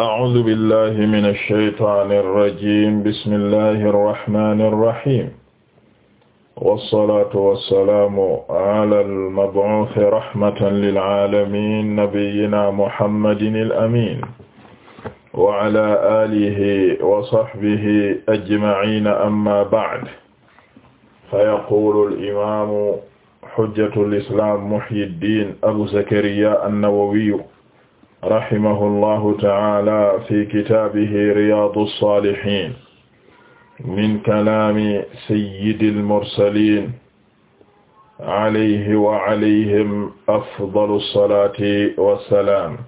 أعوذ بالله من الشيطان الرجيم بسم الله الرحمن الرحيم والصلاة والسلام على المبعوث رحمة للعالمين نبينا محمد الأمين وعلى آله وصحبه أجمعين أما بعد فيقول الإمام حجة الإسلام محي الدين أبو زكريا النووي rahimahullahu ta'ala fi kitaabihi riyaadu saalihiin min kalaami sayyidil mursaliin alayhi wa alayhim afdalu salaati wa salaam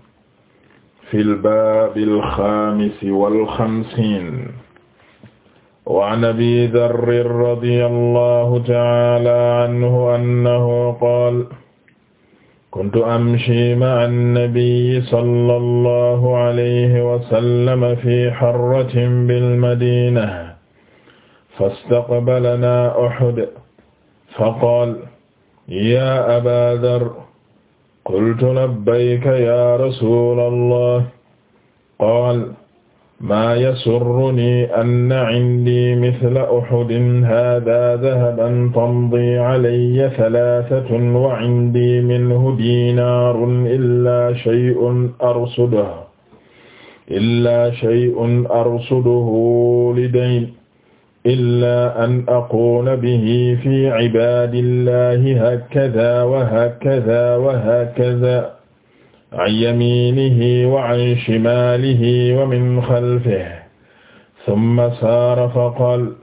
fil baabil xaamisi wal xamsiin wa an abii darrin radiyallahu ta'ala anhu annahu qaala kuntu amshi ma'a an-nabiyyi sallallahu alayhi wa sallam fi harratin bil-madina fastaqbalanaa Uhud faqaala yaa Abaa Dharr qultu labbayka yaa rasuulallah qaala maa yasurruni an cindi misla uxudin haadaa dahaban tamdi calayya talaasatun wa cindi minhu diinaarun illaa shay'un arsuduhu illaa shay'un arsuduhu lidayn illaa an aquula bihi fi cibaadillaahi hakadaa wa hakadaa wa hakadaa an yaminihi wa an shimalihi wa min xalfihi summa saara faqaal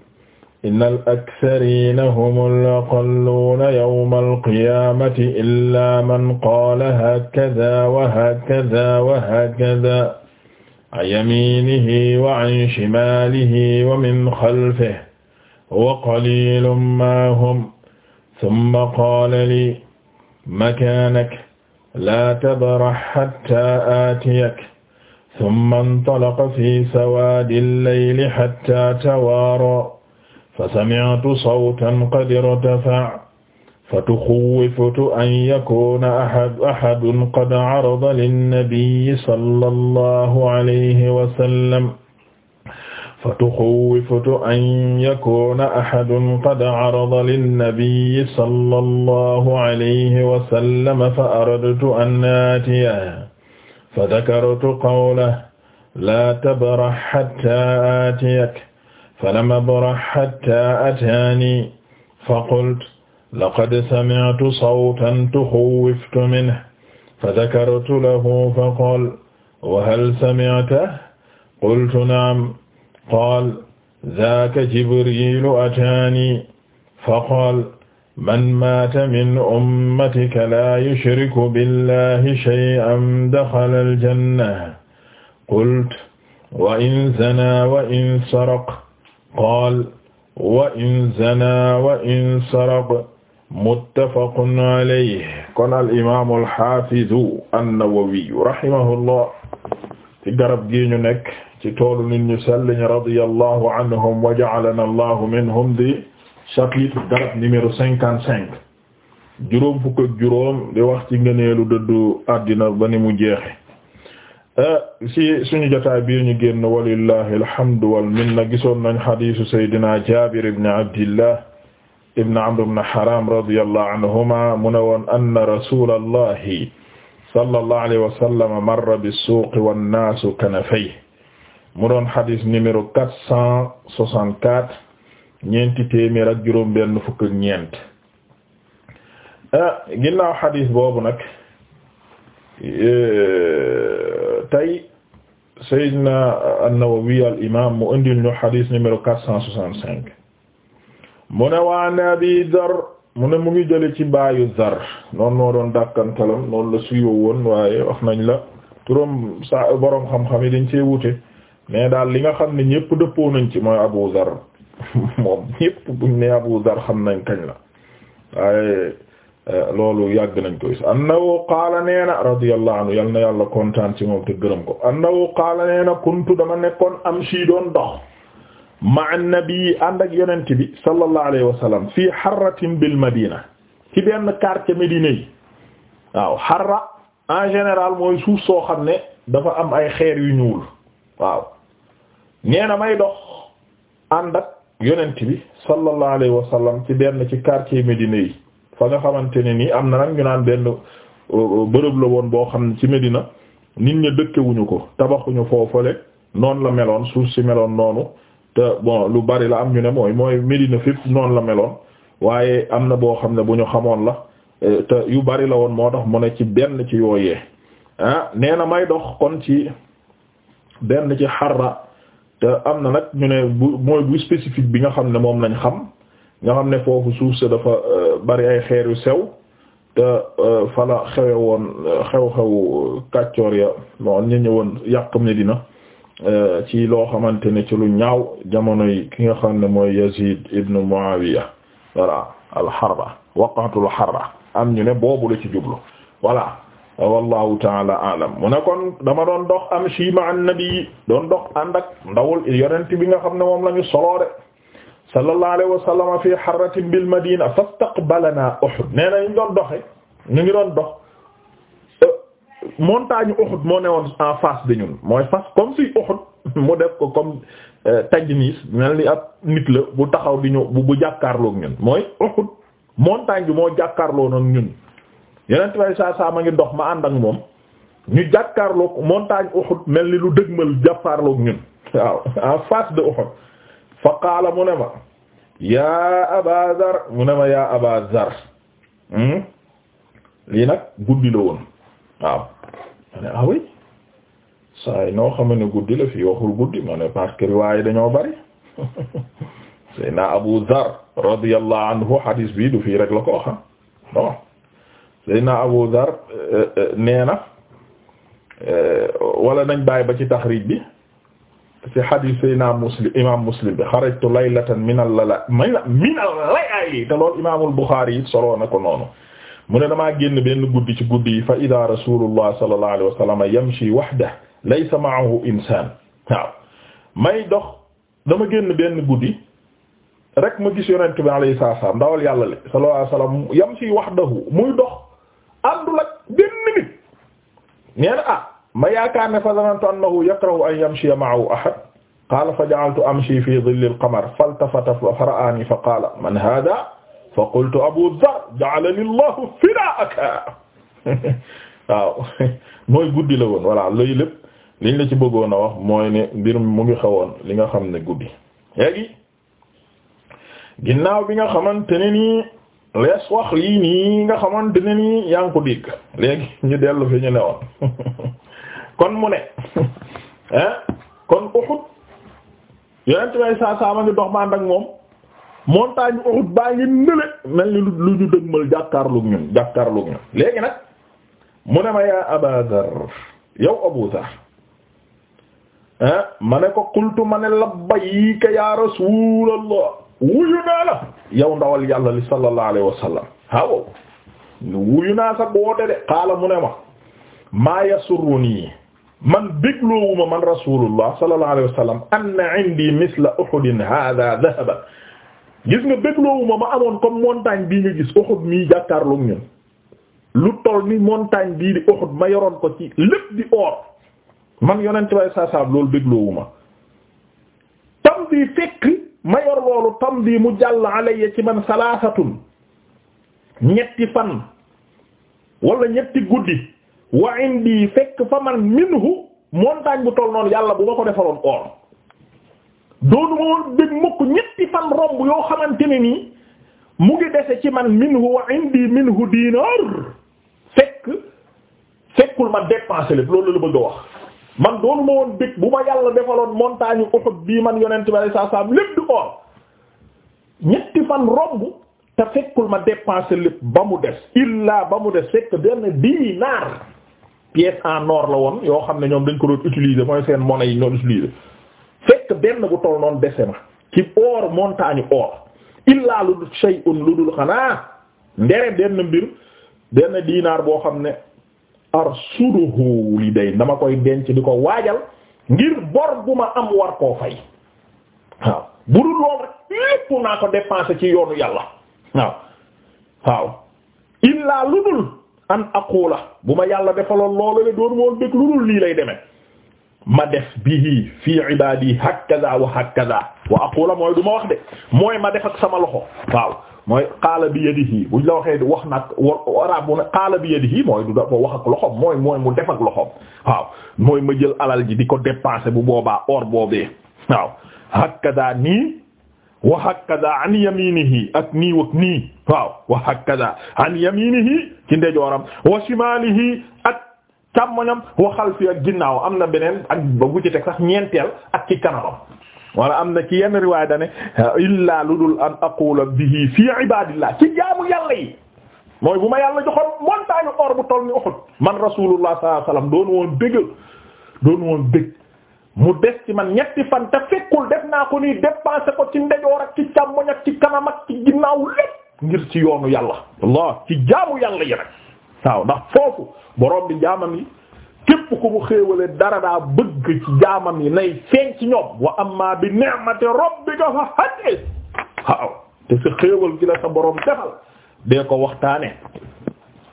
inna al-aktharina humu al-aqalluuna yawma al-qiyaamati illaa man qaala haakazaa wa haakazaa wa haakazaa an yaminihi wa an shimalihi wa min xalfihi wa qaliilun maa hum summa qaala lii makaanak laa tabrax xataa aatiyak summa intalaqa fi sawaadi allayli xataa tawaara fa samictu sawtan qad irtafaca fatuxawwaftu an yakuuna axadun qad carada linnabiyi sallallahu alayhi wa sallam fatuxawwifuhu an yakuuna ahadun qad carada linnabiyyi sallallahu alayhi wa sallam fa aradtu an aatiyahu fadakartu qawlahu laa tabrax hattaa aatiyaka falam abrax hattaa ataanii faqultu laqad samictu sawtan tuxawwiftu minhu fadakartu lahu faqaala wahal samictahu qultu nacam qaal zaaka jibrilu ataani faqaal man maata min ummatika laa yushriku billahi shay'an daxala aljanna qultu wa in zanaa wa in saraq qaal wa in zanaa wa in saraq muttafaqun alayhi kon al'imaamu alxaafidu annawawiyu rahimahullah ci garab gi ñu nekk ci toolu nit ñu sell ñi radiyallahu anhum wa ja'alana allahu minhum di chapitre garab numéro cinquante cinq juróom fukk ak juróom di wax ci ngëneelu dëddu àddina ba ni mu jeexe ah, ci suñu jotaay bii ñu génn walillahi alhamdu wal minna gisoon nañ xadiisu saydina jabir ibn abdillah ibn amr ibn haram radiyallahu anhuma mu ne woon anna rasulallahi sallallahu alayhi wa sallam marra bis-suuqi wan-naasu kanafayhi mu doon xadis numéro quatre cent soixante quatre ñeenti téeméer ak juróom benn fukk ak ñeent ah, ginnaaw xadis boobu nag eh, tey Seydina An-Nawawi al imam mu indil ñu xadis numéro quatre cent soixante cinq mu ne waan Abi Dar mu ne mu ngi jële ci baayu Dar noonu moo doon dàkkantalam noonu la suyoo woon waaye wax nañ la turom sa borom xam-xam yi dañ cee wute mais daal li nga xam ne ñépp dëppoo nañ ci mooy Abu Zar moom ñépp buñ ne Abu Zar xam nañ kañ la waaye euh, loolu yàgg nañ ko gis annahu qaala nee na radiyallahu anhu yal na yàlla kontaan ci moom te gërëm ko annahu qaala nee na kuntu dama nekkoon amshi doon dox ma'a nabi ànd ak yonent bi sallallahu alayhi wa sallam fii harratin bil madina ci benn quartier Médine yi waaw harra en mooy suuf soo xam ne dafa am ay xeer yu ñuul waaw nee na may dox ànd ak yonent bi sallallahu alayhi wa ci benn ci quartier Médina yi fa nga xamante ne nii am na nag ñu naan benn euh, euh, bërëb la woon boo xam ne ci Médina nit ñi dëkkewuñu ko tabaxuñu foofale noonu la meloon suuf si meloon noonu te bon lu bari la am ñu ne mooy mooy Médina fépp noonu la meloon waaye am na boo xam ne bu ñu xamoon la euh, te yu bari la woon moo tax mu ne ci benn ci yooyee ah nee na may dox kon ci benn ci xarra te am na nag ñu ne bu mooy bu spécifique bi nga xam ne moom lañ xam nga xam ne foofu suuf sa dafa euh, bari ay xeer yu sew te euh, fala xewe woon euh, xew-xewu kàccoor ya bon ñu ñëwoon yàq Medina ci loo xamante ne ci lu ñaaw jamono yi ki nga xam ne mooy Yazid ibn Muawiya voilà al-Harra waqatul Harra am ñu ne boobu la ci jublu voilà wallahu taala alam mu ne kon dama doon dox am shima an nabi doon dox ànd ak ndawul yonent bi nga xam ne moom la ñu soloo de sallallahu alayhi wa sallam fi harratin bil madina fastaqbalana Uhud nee na ñu doon ñu ngi doon dox euh, montagne Uhud moo newoon en face de ñun mooy face comme si Uhud mu def ko comme euh, tajnis mel ni ab nit la bu taxaw bi ñu bu jàkkaarloog ñun mooy Uhud montagne bi moo jàkkaarloo nag ñun yeneen tubaab saa saa ma ngi dox ma ànd ak moom ñu jàkkaarloog montagne Uhud mel ni lu dëgmal jàkkaarloog ñun waaw en face de fa qaala mu ne ma yaa Aba Zar mu ne ma yaa Aba Zar hmm? lii nag guddi la woon waaw ma ne ah oui noo xam ne guddi la fii waxul guddi ma ne parce que dañoo bari Seydina Abu Zar radiyallahu anhu hadis bii du fii rek la ko wax ah Seydina Abu Dhar eh, eh, nee na eh, wala nañ bàyyi ba ci taxrij bi ci hadith Seydina Muslim imaam Muslim bi xarajtu laylatan min al-lala min al-layali te loolu imaamul Buxaari it soloo na ko noonu mu ne damaa génn benn guddi ci guddi yi fa idaa Rasulullah sallallahu alayhi wa sallam yamshi wahdahu laysa ma'ahu insaan waaw may dox dama génn benn guddi rek ma gis yonent bi alayhi salaam ndawal yàlla li sallallahu alayhi wa sallam yamshi wahdahu muy dox. àndul ak benn nit nee na ah ma yaakaar ne fa zanantu annahu yakrahu an yamshiya ma'ahu ahad qaala fa ja'altu amshi fi dhilli al-qamar faltafata fa ra'aani fa qaala man haadha fa qultu abu dharr ja'alani allahu fidaaka waaw mooy guddi la woon voilà loolu lépp liñ la ci bëggoon a wax mooy ne mbir mu ngi xawoon li nga xam ne guddi léegi ginnaaw bi nga xamante ne nii lees wax lii nii nga xamante ne nii yaa ngi dégg léegi ñu dellu fi ñu ne woon kon mu ne ah kon Uhud yonent way saa saa ma ngi dox ak moom montagne Uhud baa ngi nële mel ni lu ñu dëgmal jàkkaarloog ñun jàkkaarloog ñun léegi nag mu ne ma yaa Aba yow Abu Dar ma ne ko qultu ma ne labbayka yaa Rasuulallah wuyu naa la yow ndawal yàlla li sallallahu alayhi wa sallam waaw wuyu naa sa woote de xaala mu ne ma maa yasurruni man bégloowuma man rasulullah sallallahu alayhi wa sallam anna indi misla uhudin hadha dhahaba gis nga bégloowuma ma amoon comme montagne bii nga gis Uhud mii jàkkaarloog ñun lu toll ni montagne bii di Uhud ma yoroon ko ci lépp di or man yonent bay saasaab loolu bégloowuma tam bi fekk ma yor loolu tamdi mu jàll alayya ci man salaasatun ñetti fan wala ñetti guddi wa indi fekk fa man minhu montagne bu toll noonu yàlla bu ma ko defaloon or doonu ma woon dégg mukk ñetti fan romb yoo xamante ne nii mu ngi dese ci man minhu wa indi minhu dinar fekk fekkul ma dépensé lépp loolu la bëgg a wax man doonu ma woon bég bu ma yàlla defaloon montagne Uhud bii man yonent bi saa saa lépp du or ñetti fan romb te fekkul ma dépenser lépp ba mu des illa ba mu des fekk benn dinar pièce en or la woon yoo xam ne ñoom dañ ko doon utiliser mooy seen monnaie yi ñoom utiliser fekk benn bu toll noonu dese ma ci or montagne or illa lu dul shay'un lu dul xanaa ndere benn mbir benn dinar boo xam ne. arsuduhu li day dama koy denc di ko waajal ngir bor bu ma am war koo fay waaw bu dul lool rek lépp naa ko dépensé ci yoonu yàlla waaw waaw illaa lu dul an aqula bu ma yàlla defaloon loolu la doon woon dëkk lu dul lii lay deme ma def bihi fii ibadi wa hakaza wa aqula mooy du ma wax de mooy ma def ak sama loxo waaw mooy qaala bi yadihi buñ la waxee wax nag waraab mu ne qaala bi yadihi mooy du dafa wax ak loxoom mooy mooy mu def ak loxoom waaw mooy ma jël alal ji di ko dépenser bu boobaa or boobee waaw hakada nii wa hakada an yaminihi ak nii ak nii waaw wa hakada an yaminihi ci ndejooram wa ak càmmoñam wa xalfi ak ginnaaw am na beneen ak ba gu ci teg sax ñeenteel ak ci kanamam wala am na ci yenn riwaay da ne lu dul an aqula bihi fii ibadillah ci jaamu yàlla yi mooy bu ma yàlla joxoon montagne or bu toll ni Uhud man rasulullah sallallahu alayhi wasallam doon woon dëgg doon woon dëgg mu des ci man ñetti fan te fekkul def naa ko nii dépensé ko ci ndejoor ak ci càmmoñ ak ci kanam ci ginnaaw lépp ngir ci yoonu yàlla allah ci jaamu yàlla yi nag waaw foofu borom bi képp ku mu xéewale dara daa bëgg jaamam yi nay feeñ ci ñoom wa amma bi ni'mati fa hadith waaw te sa xéewal gi la sa boroom defal dee ko waxtaane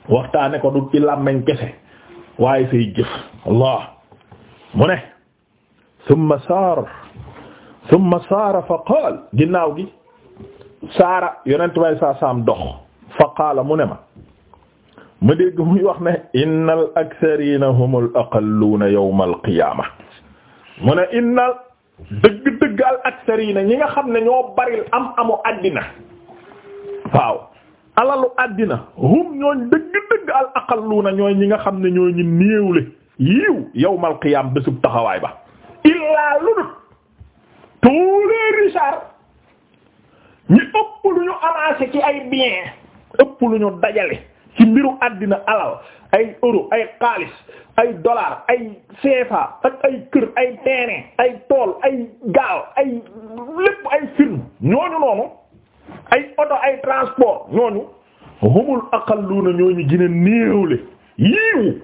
waxtaane ko du ci làmmeñ waaye fi jëf allah mu ne thumma saar ginnaaw gi saara yonent way saa saam dox fa qaala mu ne ma ma dégg muy wax ne innal aktharina humul aqalluna yawmal qiyaama mu ne innal dëgg-dëgg al aktharina ñi nga xam ne ñoo baril am amu àddina waaw alalu àddina hum ñooñ dëgg-dëgg al aqalluna ñooy ñi nga xam ne ñooy ñi néewle yiiw yawmal qiyaama bésub taxawaay ba illaa ludut tous les richards ñi ëpp lu ñu amassé ci ay biens ëpp lu ñu dajale ci mbiru àddina alal ay euro ay xaalis ay dollar ay CFA ay kër ay terrain ay tool ay gaal ay lépp ay firme ñooñu noonu ay oto ay transport ñooñu humul aqalluuna ñooñu gën a néewle yiiwu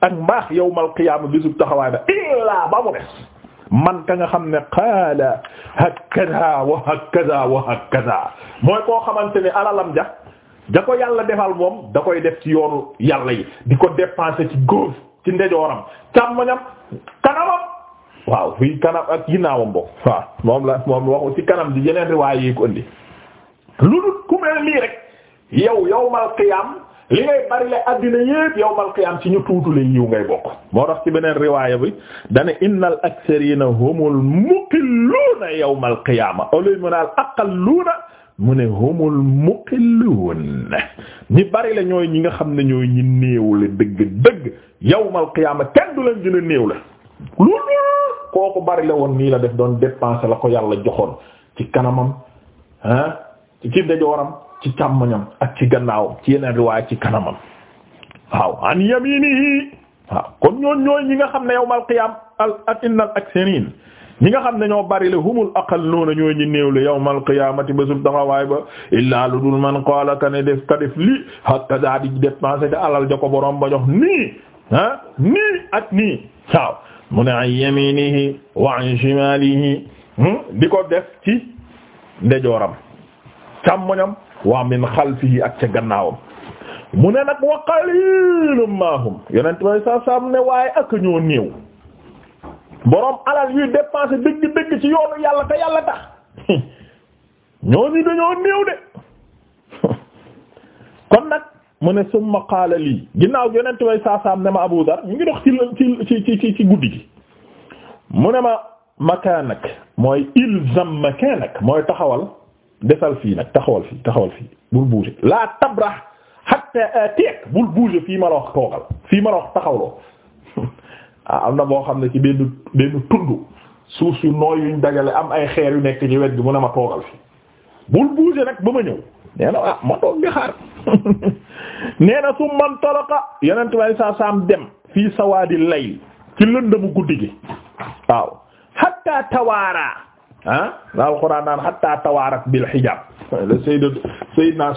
ak mbaax yawmal qiyaama bisub taxawaay ba illaa ba mu man ka nga xam ne qaala hakkadaa wa hakkadaa wa hakkadaa mooy koo xamante ne alalam ja da ko yàlla defal moom da koy def ci yoonu yàlla yi di ko dépenser ci góof ci ndejooram càmmoñam kanamam waaw fii kanam ak ginnaawam boobu moom la moom waxu ci kanam di yeneen riwaay yi ko indi lu dul ku mel rek yow yawmal qiyaam li ngay bari la addina yépp yawmal qiyaam ci ñu tuutule yiw ngay bokk moo tax ci beneen riwaaya bi dane innal aktharina humul muqilluuna yawmal qiyaama alayhi min al aqalluuna mu ne humul muqilluun ñi bari la ñooy ñi nga xam ne ñooy ñi néew la dëgg dëgg yawmal qiyaama kenn du leen gën a néew la loolu kooku bari la woon nii la def doon dépenser la ko yàlla joxoon ci kanamam ah ci ndeyjooram ci càmmoñam ak ci gannaawam ci yeneen riwaay ci kanamam waaw an yaminihi waaw kon ñoon ñooy ñi nga xam ne yawmal qiyaam al al innal aksariin ñi nga xam ne ñoo bari le humul aqalluuna ñooy ñi néew le yawmal qiyaamati bésul taxawaay ba illaa lu dul man qaala ka ne def ka def lii hatta daa di dépensé te alal ja borom ba jox nii ah nii ak nii waaw mu ne an yaminihi wa an shimalihi hmm, di ko def ci ndejooram càmmoñam wa min xalfihi ak ca gannaawam mu ne nag wa qaliilum maahum yonent bay sa sam ne waaye ak ñoo néew boroom alal yuy dépenser dëgg-dëgg ci yoonu yàlla te yàlla tax ñooñu dañoo néew de kon nag mu ne summa qaala lii ginnaaw yonent way saasaam ne ma Abu Dar ñu ngi dox ci guddi gi mu ma makaanak mooy ilzam makaanak mooy taxawal defal fii nag taxawal fii taxawal fii bul bouger laa tabrax hatta atiik bul bouger fii ma wax toogal fii ma la Ah, am na boo xam ne ci benn benn suuf su nooy yuñ dajale am ay xeer yu nekk ci wet gi mu ne ma toogal fi bul bouger nag ba ma ñëw nee ah ma toog di xaar nee na su man toloka way saa saam dem fii sawaadi layl ci lëndëmu guddi gi waaw hatta tawaara ah la alxuraan naan hatta tawaarat bil hijab le sayyid sayyidna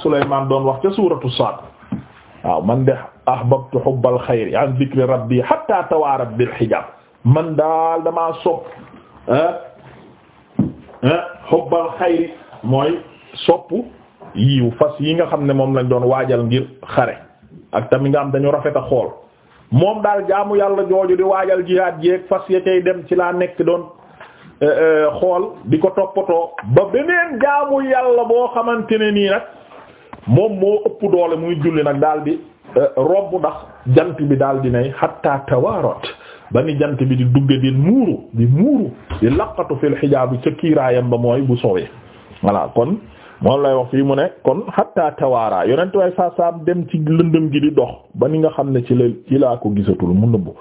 doon wax ca suuratu Saad waaw man de ahbabtu hubbal xayri an dhikri rabbi hatta tawaarat bil hijab man daal dama sopp ah, ah, hubbal xayri mooy sopp yiw fas yi nga xam ne moom lañ doon waajal ngir xare ak tamit nga am dañu rafet a xool moom daal jaamu yàlla jooju di waajal jihaad jeeg fas ya cay dem ci laa nekk doon eh, eh, xool di ko toppatoo ba beneen jaamu yàlla boo xamante ne nii nag moom moo ëpp doole muy julli nag daal di euh, romb ndax jant bi daal di nay hatta tawarat ba ni jant bi di dugge di muuru di muuru di laqatu fil xijaabu ca kiiraayam ba mooy bu sowee voilà kon moom lay wax fii mu ne kon hatta tawaara yonent way saa saam dem ci lëndëm gi di dox ba ni nga xam ne ci la ci laa ko gisatul mu nëbbu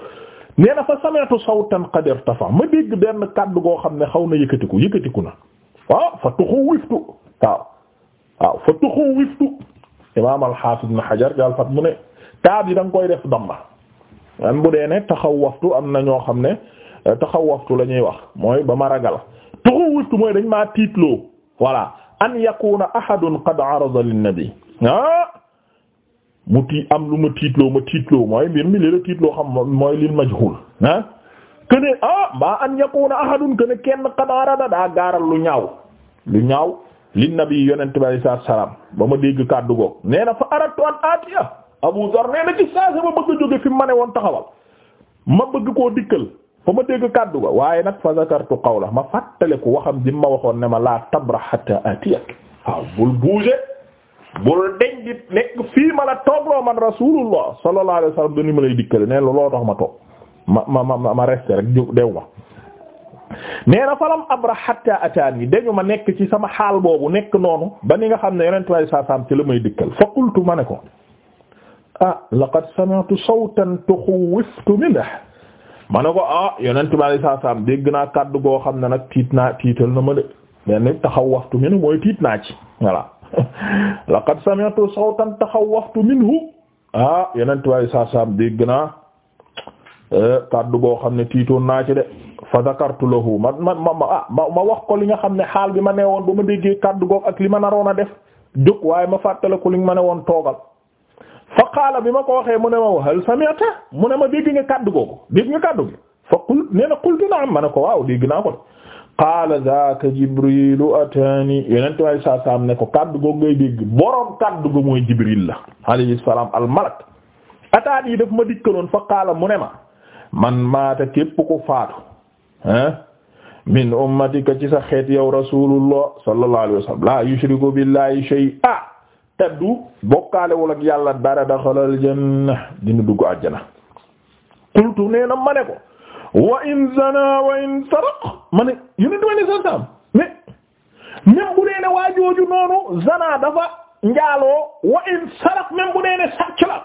nee na fa sami'tu sawtan qad irtafa ma dégg benn kàddu goo xam ne xaw na yëkkatiku yëkkatiku na waaw ah, fa tuxu wiftu waaw waaw fa tuxu wiftu imaam al-Hafiz Ibn Hajar daal mu ne taab yi da koy def damma am bu dee ne taxaw waftu am na ñoo xam ne euh, taxaw waftu la ñuy wax mooy ba ma ragal tuxu wiftu mooy dañ tiitloo voilà an yakuna ah! am lu ma tiitloo ma tiitloo mooy mooy lil majhul ah que ne ah mbaa an yakuna ahadun que kenn qad arada daa gaaral lu ñaaw lu ñaaw li nabi yonent bi saa salaam ba ma dégg kàddu goog nee na fa aradtu an atiya Abu Zar nee ci saa ma bëgg jóge fi mu ma ne woon taxawal ma bëgg koo dikkal fa ma dégg kàddu ga waaye nag fa zakartu la ma fàttaliku waxam ji ma waxoon ne ma laa tabra hatta atiyak waaw bul bouger bul deñ di nekk fii ma la toogloo man rasulullah sallallahu alayhi wasallam ma lay dikkale nee looloo tax ma toog ma ma ma ma rester rek dew ma. nee na falam abra hatta ataani dañu ma nekk ci sama xaal boobu nekk noonu ba ni nga xam ne yonent way saa saam ci la may dikkal fa qultu ma ne ko ah laqad sami'tu sawtan ne ko ah yonent way saa saam dégg naa kàddu goo xam ne nag tiit naa tiital na ma de taxaw waxtu minhu mooy tiit naa ci voilà laqad sami'tu sawtan taxawwaftu minhu ah yonent way saa dégg naa Euh, kaddu goo xam ne tiitoon naa ci de fa zakartu lahu ma ma ma ma ah, ma wax ko li nga xam ne xaal bi ma nee woon ba ma déggee kaddu goog ak li ma naroon a def jóg waaye ma fàttale ko li ma ne woon toogal fa qaala bi ma ko waxee mu ne ma hal sami'ta mu ne ma dégg nga kaddu googu dégg nga kaddu gi fa qul nee na qultu na'am ma ne ko waaw dégg naa ko de qaala zaaka jibrilu atani yonente way saa saam ne ko kaddu googu ngay dégg boroom kaddu gu mooy jibril la alayhi salaam al malak ataani daf ma dikkaloon fa mu ne ma man maata képp ku faatu ah min ummatika ci sa xeet yow rasulullah sallallahu alayhi wasallam la yushriku billahi shay'a taddu bokkaalewul ak yàlla dara daxalal janna dina dugg àjjana qultu nee ne ko wa in saraq ma bu dee ne waa jooju dafa njaaloo wa in saraq même bu dee ne sàcc la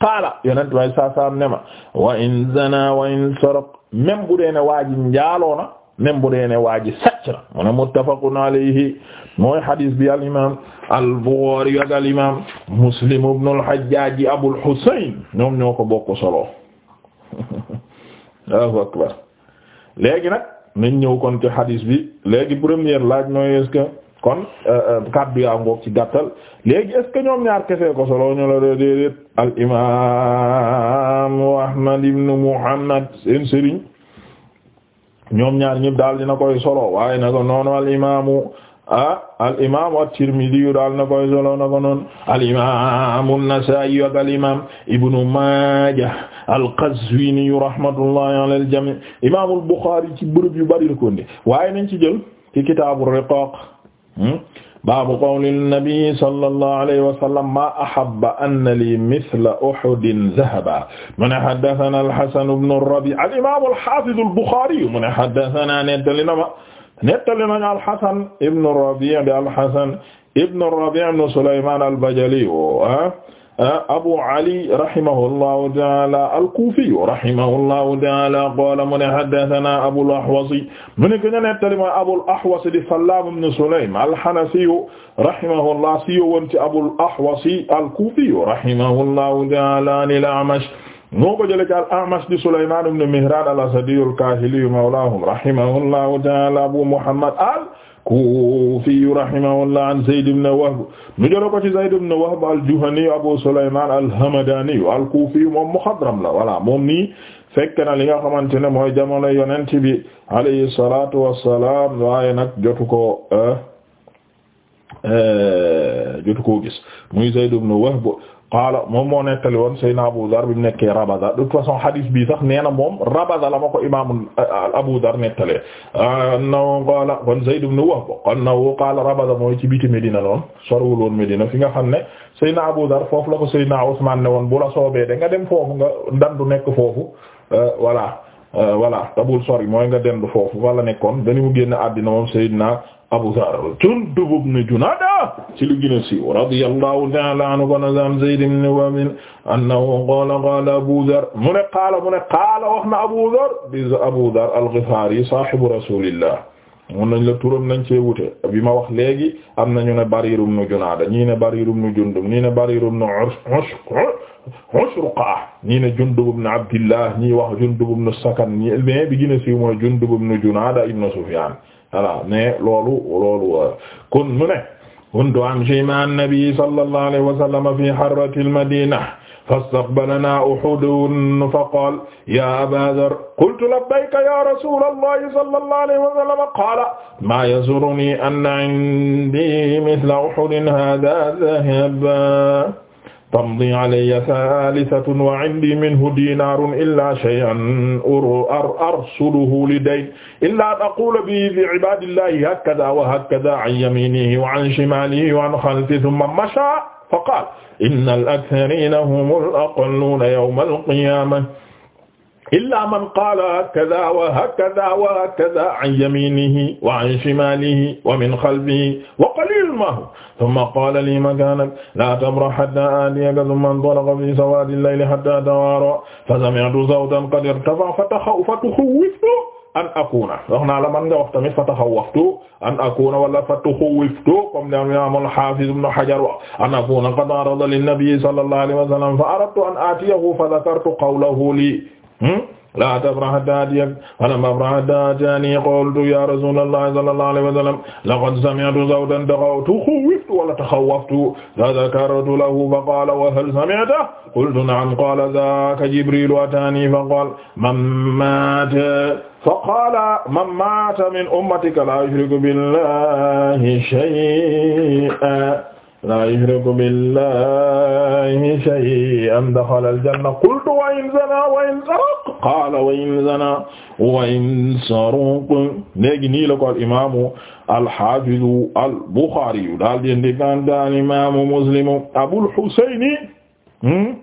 qaala yonent way saa saam ne ma wa in zana wa in saraq même bu dee ne waa ji njaaloo na même bu dee ne waa ji sàcc mu ne muttafaqun alayhi mooy hadis bi al imam al Bukhari Muslim ibn al Hajjaj Abul Husayn ñoom ñoo bokk solo Allahu akbar léegi nag nañ ñëw kon ci hadis bi léegi première laaj mooy est-ce kon euh, euh, kaddu yaa ngoog ci gàttal léegi est ce ñoom ñaar kese ko solo ñu la déedéet al ahmad ibn muhammad seen ñoom ñaar ñëpp daal dina koy solo waaye na ko noonu al imamu ah al imam at-Tirmidhi yu daal na koy solo na ko yu bari la waaye nañ ci jël ci kitaabu riqaaq Hmm? baabu qawli nabi sallallahu alayhi wa sallam maa ahabba anna lii misla uhudin zahaban mu ne haddasanaa al-Hasan ibn ar-Rabi' al-imaam al-haafiz al-Buxaari mu ne haddasanaa nettali na ma nettali nañu al-Hasan ibn ar-Rabi' bi al-Hasan ibn ar-Rabi' ibn Sulaymaan al-Bajali ah? Abu Ali rahimahullahu ta'ala al-Kufi rahimahullahu ta'ala qala mu ne haddathana Abul Ahwas mu ne ko ñu nettali mooy Abul Ahwas di Sallaam ibn Sulaym al-Hanafi rahimahullah si woon ci Abul Ahwas al-Kufi rahimahullahu ta'ala an al-A'mash moo ko jëlee ci al-A'mash di Sulaymaan ibn Mihraan al-Asadi al-Kaahili mawlaahum rahimahullahu ta'ala Abu Muhammad al al-Kufi rahimahullah an Zayd ibn Wahb mu jëloon ko ci Zayd ibn Wahb al-Juhani Abu Sulayman al-Hamadani al-Kufi moom muxadram la voilà moom nii fekk na li nga xamante ne mooy jamono yonent bi alayhi salaatu wa salaam waaye nag jotu ko euh, euh, jotu ko gis muy Zayd ibn Wahb qaala moom moo nettali woon Seydina Abu Dar bi mu nekkee Rabada de toute façon hadis bi sax nee na moom Rabada la ma ko imaamu euh, Abu Dar nettalee annahu qaala kon Zayd ibn Wahb annahu qaala Rabada mooy ci biti Medina noonu sorwul woon Medina fi nga xam ne Seydina Abu Dar foofu la ko Seydina Usmaan ne woon bu la soobee da nga dem foofu nga dandu nekk foofu euh, voilà euh, voilà tabul sori mooy nga dendu foofu wala nekkoon dañu mu génn àddina moom Seydina Abu Zarr Jundub ibn Junaada ci li gën a siiw radiyallahu ta'ala anhu wa nazam Zayd ibn Wahb annahu qaala qaala Abu Zarr mu ne qaala mu ne qaala wax na Abu Zarr di Abu Zarr al-Ghifaari saahibu Rasuulillah mun nañ la turam nañ cee wute bi ma wax léegi am nañu ne Bariir ibn Junaada ñii ne Bariir ibn Jundub ñii ne Bariir ibn Ushriqa ñii ne Jundub ibn Abdillah ñii wax Jundub ibn Sakan ñii mais bi gën a siiw mooy Jundub ibn Junaada ibn Sufyaan voilà mais loolu loolu euh, kon mu ne kuntu amshi ma'a an-nabi sallallahu alayhi wa sallam fi harrati al-madina fastaqbalana uhudun faqala ya aba dhar qultu labbayka ya rasula allahi sallallahu alayhi wa sallam qala ma yazurruni anna indi mithla uhudin hadha dhahaban tamdi alayya thaalithatun wa indi minhu dinaarun illaa shay'an arsuluhu li dayn illaa an aquula bihi fii ibaadillaahi hakadhaa wa hakadhaa an yamiinihi wa an shimaalihi wa an khalfihi thumma mashaa faqaala innal akthariina humul aqalluuna yawmal qiyaamah illaa man qaala hakaza wa hakaza wa hakaza an yaminihi wa an shimalihi wa min xalfihi wa qalil maahu summa qaala lii makaanak laa tabrah hattaa aatiyaka summa intalaqa fii sawaadil layli hattaa tawaara fa sami'tu sawtan qad irtafa'a fa tuxawwaftu an akuuna wax naa la man nga wax tamit fa taxawwaftu an akuuna wala fa tuxawwaftu comme ne imaam al-Haafiz ibn Hajar wa an akuuna qad arada linnabii sallallahu alayhi wa sallam fa aradtu an aatiyahu fa dhakartu qawlahu lii Hmm? la tabra hatta diak falamma abra hatta atani qultu ya rasulullah sallallahu alayhi wa sallam laqad sami'tu sawtan daghawtu khuwiftu wala takhawwaftu fa dhakartu lahu fa qala wa hal sami'ta qultu na'am qala dhaka jibrilu atani fa qala man mata fa qala man mata min ummatika la yushriku billahi shay'an laa yushriku billahi shay'an daxala aljanna qultu wa in zana wa in saraq qaala wa in zana wa in saraq léegi nii la ko al imaamu alxaafizu albuxaariyu daal di indi gàntaan imaamu muslimu abul xusayni hmm?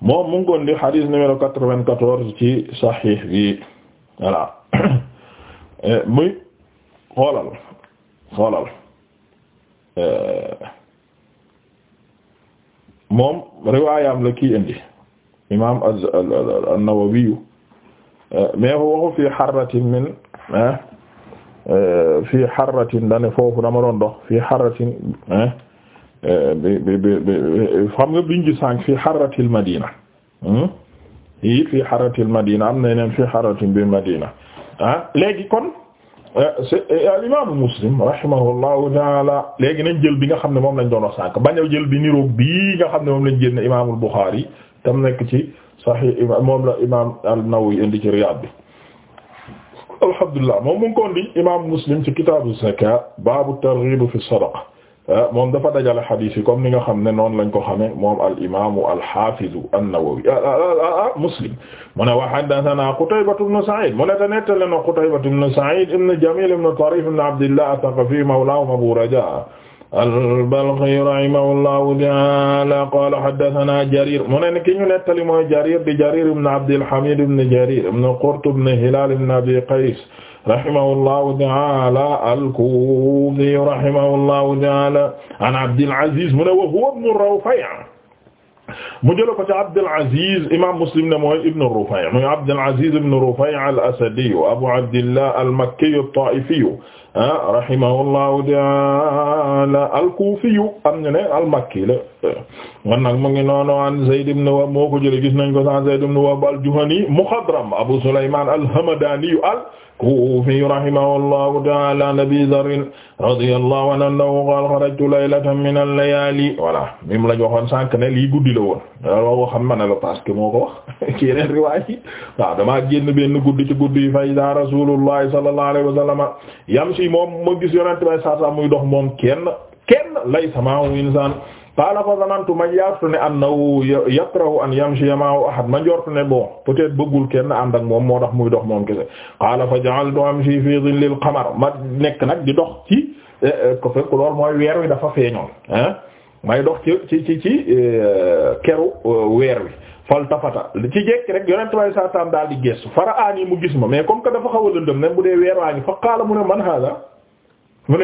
moom mu ngi ko indi xadiis numéro quatre-vingt-quatorze ci saxiix bi voilà eh, muy xoolal xoolal Euh, moom riwaayam la kii indi imaam an-Nawawi euh, mais waxu fi xarratin min euh, fi xarratin dane foofu dama doon dox fi xarratin bi bi bi xam fi xarratil Madina hmm? Madina am yeneen fi xarratin bi Madina ah léegi kon. Euh, euh, al imaamu muslim rahimahullahu taala léegi nañ jël bi nga xam ne moom lañ doon wax sànq bañ a jël bi niroog bii nga xam ne moom lañ génne imaamul Buxaari tam nekk ci Sahih moom la imaam an-Nawawi indi ci Riyaad bi. alhamdulilah moom mu ngi ko indi imaam muslim ci kitaabu zakaat baabu targhiib fi sadaqa Ah, moom dafa dajale xadiis yi comme ni nga xam ne noonu lañ ko xame moom al imaamu al xaafizu an-Nawawi ah, ah, Muslim mu ne wa haddasanaa Qutaybatu ibn Sa'iid mu ne te nettali na Qutaybatu ibn Sa'iid ibn Jamiil ibn Tariif ibn Abdillah at-Thaqafi mawlaahum Abu Rajaa al-Balkhi rahimahullahu ta'aala qaala haddasanaa Jariir mu ne ki ñu nettali mooy Jariir di Jariir ibn Abdil Hamiid ibn Jariir ibn Qurt ibn Hilaal ibn Abi Qays rahimahullahu ta'ala al-Kufi rahimahullahu ta'ala an Abdul Aziz mu ne wa huwa ibnu Rufay' mu jël ko ci Abdul Aziz imaam Muslim ne mooy ibnu Rufay' mooy Abdul Aziz ibnu Rufay' al-Asadi Abu Abdillah al-Makki at-Taifi rahimahullahu ta'ala al-Kufi am ñu ne al-Makki la man nag mu ngi noonu an Zayd ibn Wahb moo ko jëlee gis nañ ko sax Zayd ibn Wahb al-Juhani muxadram Abu Sulaymaan al-Hamdaani al al-Kufi rahimahullahu ta'ala an Abi Dharr radiyallahu anhu qala kharajtu laylatan min al-layali voilà mim lañ waxoon sànq ne lii guddi la woon loolu boo xam ma ne la parce que moo ko wax ci yeneen riwaay yi waaw damaa génn benn guddi ci guddi yi fa iza Rasulullahi sallallahu alayhi wa sallam yamshi moom ma gis Yonent bi sallallahu alayhi wa sallam muy dox moom kenn kenn laysa ma'ahu insaan qaala fa zanantu ma yaatu ne annahu yakrahu an yamshiya ma'ahu ahad ma njort ne bon peut-être bëggul kenn ànd ak moom moo tax muy dox moom kese qaala fa ja'altu amshi fi dhillil qamar ma nekk nag di dox ci eh, eh, ko fekk loolu mooy weer wi dafa feeñoon ah may dox ci ci ci ci eh, keru weer wi faltafata ci jekki rek yonent way saa saam daal di gestu fara aan yi mu gis ma mais comme que dafa xaw a lëndëm ne bu dee weer waa ngi fa qaala mu ne man hada mu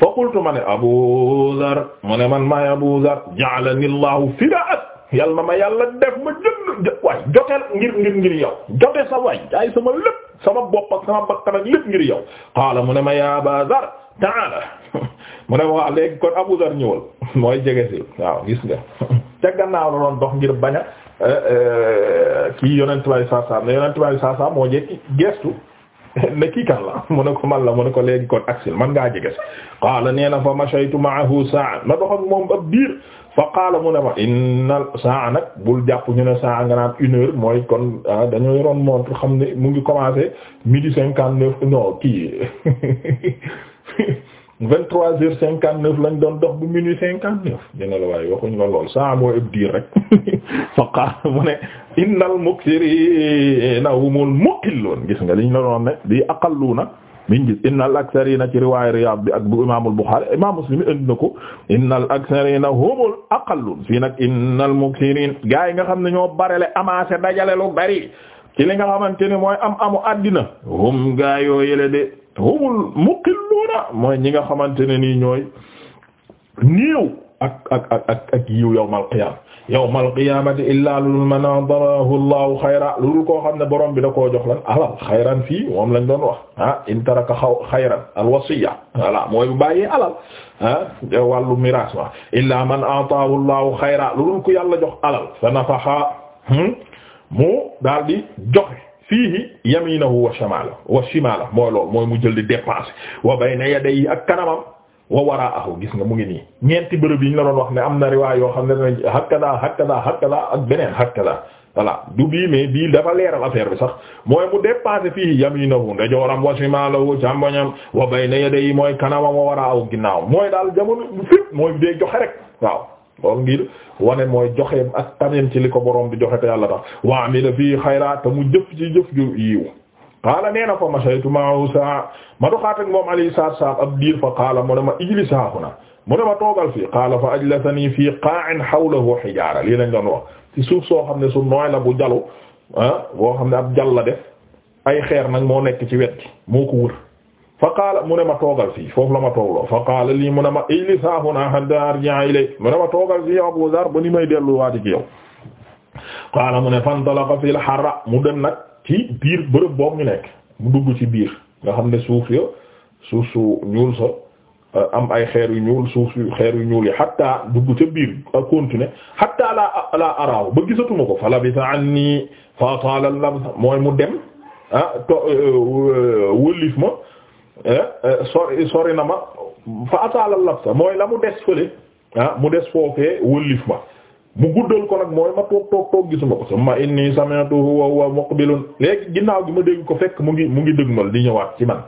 fa qultu ma ne Abu Dhar mu ne man maay Abu Dhar ja'alani Allahu fidaak yal ma yàlla def ma jënd waay jote ngir ngir ngir yow jote sa waay jaay sama lépp sama bopp ak sama bakkan ak lépp ngir yow qaala mu ne ma yaa Aba Dhar ta'ala mu ne ma waa léegi kon Abu Dhar ñëwal mooy jege si waaw gis nga ca gannaaw la doon dox ngir bañ a euh, euh, kii yonent bi sallallahu alayhi moo jekki gestu ne kii kan la mu ne ko man la mu ne ko léegi kon aksil man ngaa jege si qaala nee na fa mashaytu ma'ahu saa ma dox ak moom ab biir fa qaala mu ne ma inna saa nag bul jàpp ñu ne saa nga naan une heure mooy kon ah, dañoo yoroon montre xam ne mu ngi commencé midi cinquante neuf kii vingt-trois heures cinquante-neuf lañ doon dox bu minuit cinquante-neuf ñu ne la waaye waxuñ la lool saa moo ëpp diir rek fa qaala mu ne innal muksiriina humul muqilluun gis nga liñ la doon ne di aqalluuna biñ gis innal aksariina ci waay Riyaad bi ak bu imaamul Buxaari imaam Muslim indi na ko innal aksariina humul aqalluun fii nag innal muksiriin gaa yi nga xam ne ñoo barele amaase dajale lu bari ci li nga xamante ne mooy am amu àddina hum gaa yoo yële de humul muqilluuna mooy ñi nga xamante ne nii ñooy néew ak ak ak ak ak lul man adarahu allahu xayra loolu koo xam ne borom bi da koo jox lan alal xayran fii moom lañ doon wax ah in taraka xaw xayran al wasiya voilà mooy bu bàyyee alal ah, miraas wax illaa man ataahu allahu xayra loolu ko alal fa nafaxa hmm, mu daal di fiihi yamiinahu wa shimaalahu wa shimaalahu mooy loolu mooy mu jël di dépenser wa bayna yadayhi ak kanamam wa waraahu gis nga mu ngi nii ñeenti bërëb yi ñu la doon wax ne am na riwaay yoo xam ne dañu hakkadaa hakkadaa hakkadaa ak beneen hakkadaa voilà du bii mais bii dafa leeral affaire bi sax mooy mu dépassé fii yamiinahu ndajooram wa shimaalahu càmboñam wa bayna yadayhi mooy kanamam wa waraahu ginnaaw mooy daal jamono fépp mooy dee joxe rek waaw loolu ngir wane mooy joxeem ak tamem ci li ko borom bi joxe te yàlla tax wa amila fii xayra te mu jëf ci jëf ju yiw qaala nee na fa mashaytu ma'ahu saa ma doxaat ak moom alayhi salaatu salaam ab diir fa qaala mu ne ma ijlis haahuna mu ne ma toogal fii qaala fa ajlasanii fii qaa'in hawlahu hijaara lii lañ doon wax ci suuf soo xam ne su nooy la bu jalu ah boo xam ne ab jal def ay xeer nag moo nekk ci wet gi moo ko wër. fa qaala mu ne ma toogal fii foofu la ma toogloo fa qaala lii ma toogal fii Abu Zarr ba ni may delluwaati ci yow qaala mu ne fantalaqa fil harra mu dem nag ci biir bërëb boobu ñu nekk mu dugg ci biir nga xam ne suuf ya suuf su ñuul sa euh, am ay xeer yu ñuul suuf yu xeer yu ñuul yi hatta dugg ca biir a continuer hatta laa laa araaw ba gisatuma ko fa labisa anni fa ataala labs mooy mu dem ah euh, euh, ma Eh, eh, sori sori na ma fa ataalal laf sa mooy la mu des fële ah mu des foofee wëllif ma mu guddal ko nag mooy ma toog toog toog gisuma ko summa inni sami'tuhu wa huwa muqbilun léegi ginnaaw gi ma dégg ko fekk mu ngi mu ngi dëgmal di ñëwaat ci man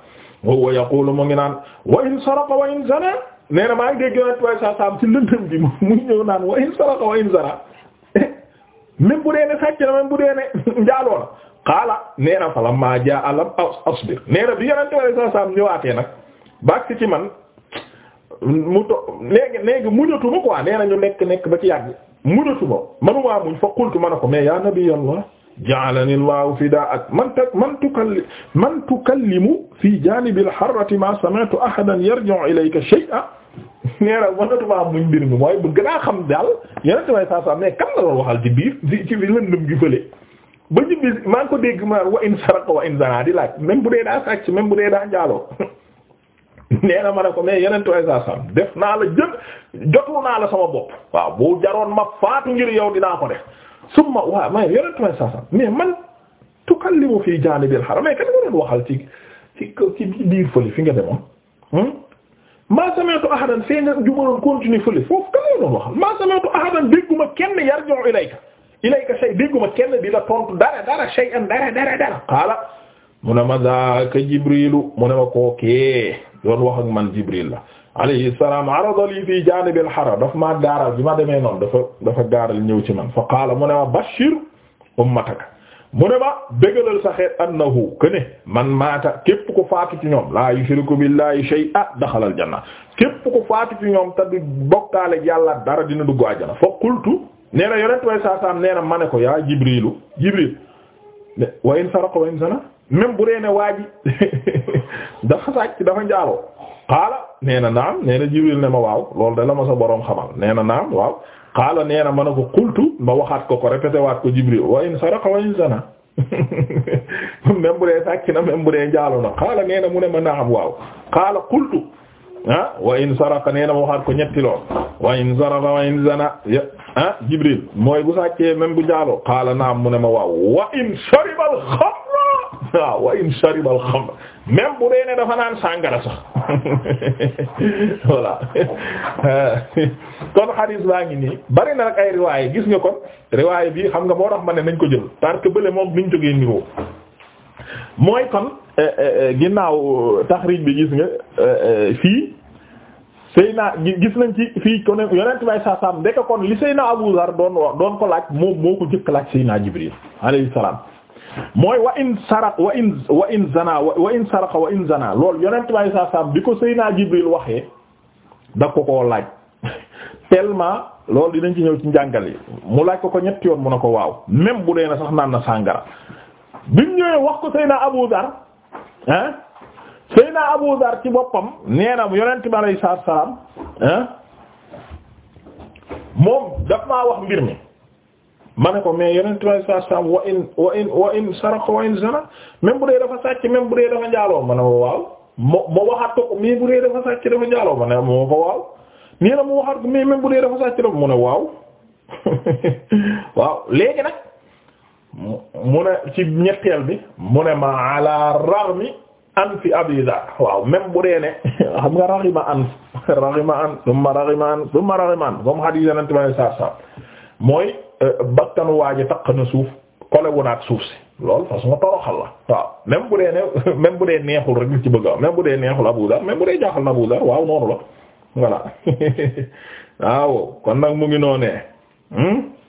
wa huwa yaqulu mu ngi naan wa in saraqa wa in zana nee na maa ngi dégg yonent way sa sam ci lëndëm bi mu ngi ñëw naan wa in saraqa wa in zana même bu dee ne sàcc na même bu dee ne njaaloo na xaala nee na fala maa jaa alam asbir nee na bi yonente wala sa sam ñëwaatee nag baag si ci man mu to léegi léegi muñatuma quoi nee na ñu nekk nekk ba ci yàgg muñatuma manumaa muñ fa qultu ma ne ko mais ya nabiyallah ja'alani llahu fidaa'ak man man tukalli man tukallimu fi janibil harrati ma sami'tu ahadan yarji'u ilayka shay'an nee na mënatumaa muñ mbir mi mooy bëgg naa xam daal yonente wala sa sam mais kan la doon waxal ci biir ci ci lëndëm gi fële ba ñibbi maa ngi ko dégg ma wa in saraka wa in zana di bu dee daa sàcc même bu dee daa njaaloo nee na ma ko mais yeneen tool saa def naa la jël jotu naa la sama bopp waaw bu jaroon ma faatu ngir yow dinaa ko def summa waaw ma yeneen tool saa sam mais man tukallimu fii jaanibil haram mais kan nga waxal ci ci ci biir fële fi nga demoon. Hmm? maa sami'tu ahadan fee nga ju ma doon fële foofu kan waxal maa sami'tu ahadan dégguma ilayka shay dégguma kenn di la tontu dara dara shay an dara dara dara qaala mu ne ma daaka jibrilu mu ne ma kookee doon wax ak man jibril la alayhi salaam arada lii fii jaanibil haram dafa maa gaaral bi ma demee noonu dafa dafa gaaral ñëw ci man fa qaala mu ne ma bashir ummataka mu ne ma bégalal sa xeet annahu que ne man maata képp ko faatu ci ñoom laa yushriku billahi shay'a daxalal janna képp ko faatu ci ñoom te du bokkaale yàlla dara dina dugg àjjana fa qultu nee na yonent way saa saam ma ne ko yaa jibrilu jibril wa in saraka wa in sana même bu dee ne waa ji dafa sàcc dafa njaaloo xaala nee na naam nee na jibril ne ma waaw loolu de la ma boroom xamal nee na naam waaw xaala nee na ma ne ko qultu ma waxaat ko ko répété waat ko jibril wa in saraka wa in sana même bu dee sàcc na même bu dee njaaloo na xaala nee na mu ne ma naam waaw xaala qultu ah wa in saraka nee na mu ko ñetti lool wa in saraka wa in zana ah Jibril mooy bu sàccee même bu jaaloo qaala naam mu ne ma waaw wa in shariba xamra waaw wa in shariba xamra même bu ne dafa naan sàngara sax voilà kon xadiis baa ngi nii bari na nag ay riwaay gis nga kon riwaay bi xam nga moo tax ne nañ ko jël parce que bële moom niñ jógee niroo mooy kon. Eh, eh, eh, ginnaaw taxrij bi gis nga fii sëy naa Seyna gis nañ ci fii kon yonent bay saa ndeke kon li Seyna Abu Zar doon wax doon ko laaj moom moo ko jëkk laaj Seyna Jibril alayhi salaam mooy wa in saraq wa in wa wa in saraqa wa in zana loolu yonent bay saa bi ko Seyna Jibril waxee da ko koo laaj tellement loolu dinañ ci ñëw ci njàngal yi mu laaj ko ko ñetti yoon mu ne ko waaw même bu dee na sax naan na sàngara bi ñëwee wax ko Seyna Abu Zar ah a Abu Dar ci boppam nee na yonent bi alayhi salaatu salaam moom daf maa wax mbir mi ma ne ko mais yonent bi alayhi salaatu wa in wa in wa in saraqa wa in zana même bu dee dafa sàcc même bu dee dafa njaaloo ma ne waaw mo ma waxaat ko mais bu dee dafa sàcc dafa njaaloo ma ne moo ko waaw nee na mu waxaat ko mais même dee dafa sàcc dafa mu ne waaw waaw léegi nag. mu ne ci ñetteel bi mu ne ma ala raghmi an fi abi dhar waaw même bu dee ne xam nga raghima an raghima an thumma raghima an ma raghima an comme hadith yonent bi sallallahu alayhi wasallam mooy euh, bakkanu waaji takk na suuf kolewu naak suuf si loolu façon toroxal la waaw même bu dee ne même bu dee neexul rek li ci bëgg a même bu dee neexul Abu Dar même bu dee jaaxal na Abu waaw noonu la voilà waaw kon nag mu ngi noonee hmm?